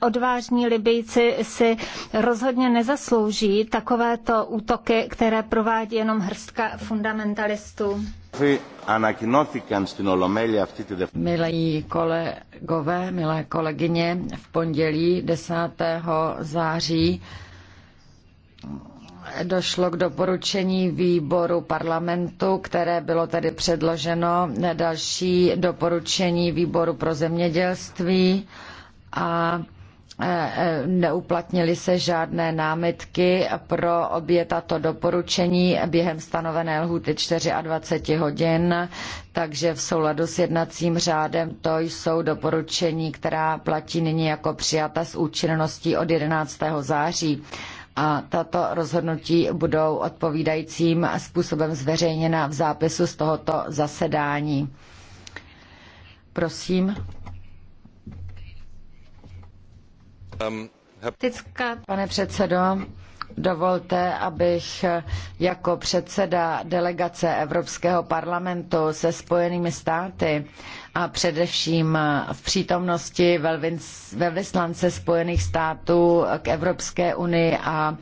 odvážní Libyjci si rozhodně nezaslouží takovéto útoky, které provádí jenom hrstka fundamentalistů. Milí kolegové, milé kolegyně, v pondělí 10. září došlo k doporučení výboru parlamentu, které bylo tedy předloženo další doporučení výboru pro zemědělství a e, e, neuplatnily se žádné námitky pro obě tato doporučení během stanovené lhůty 24 hodin, takže v souladu s jednacím řádem to jsou doporučení, která platí nyní jako přijata s účinností od 11. září a tato rozhodnutí budou odpovídajícím způsobem zveřejněna v zápisu z tohoto zasedání. Prosím. Um, Pane předsedo, Dovolte, abych jako předseda delegace Evropského parlamentu se Spojenými státy a především v přítomnosti velvyslance Spojených států k Evropské unii a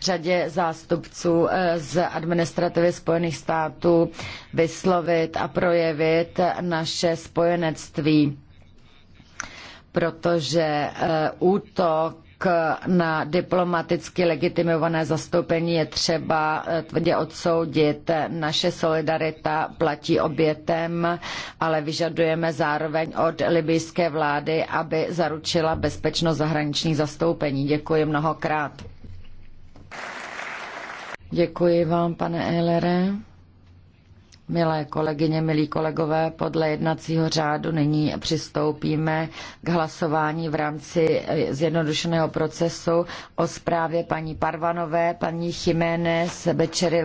řadě zástupců eh, z administrativy Spojených států vyslovit a projevit naše spojenectví protože eh, útok na diplomaticky legitimované zastoupení je třeba eh, tvrdě odsoudit. Naše solidarita platí obětem, ale vyžadujeme zároveň od libijské vlády, aby zaručila bezpečnost zahraničních zastoupení. Děkuji mnohokrát. Děkuji vám, pane Ehlere. Milé kolegyně, milí kolegové, podle jednacího řádu nyní přistoupíme k hlasování v rámci eh, zjednodušeného procesu o zprávě paní Parvanové, paní Jiménez, Bečery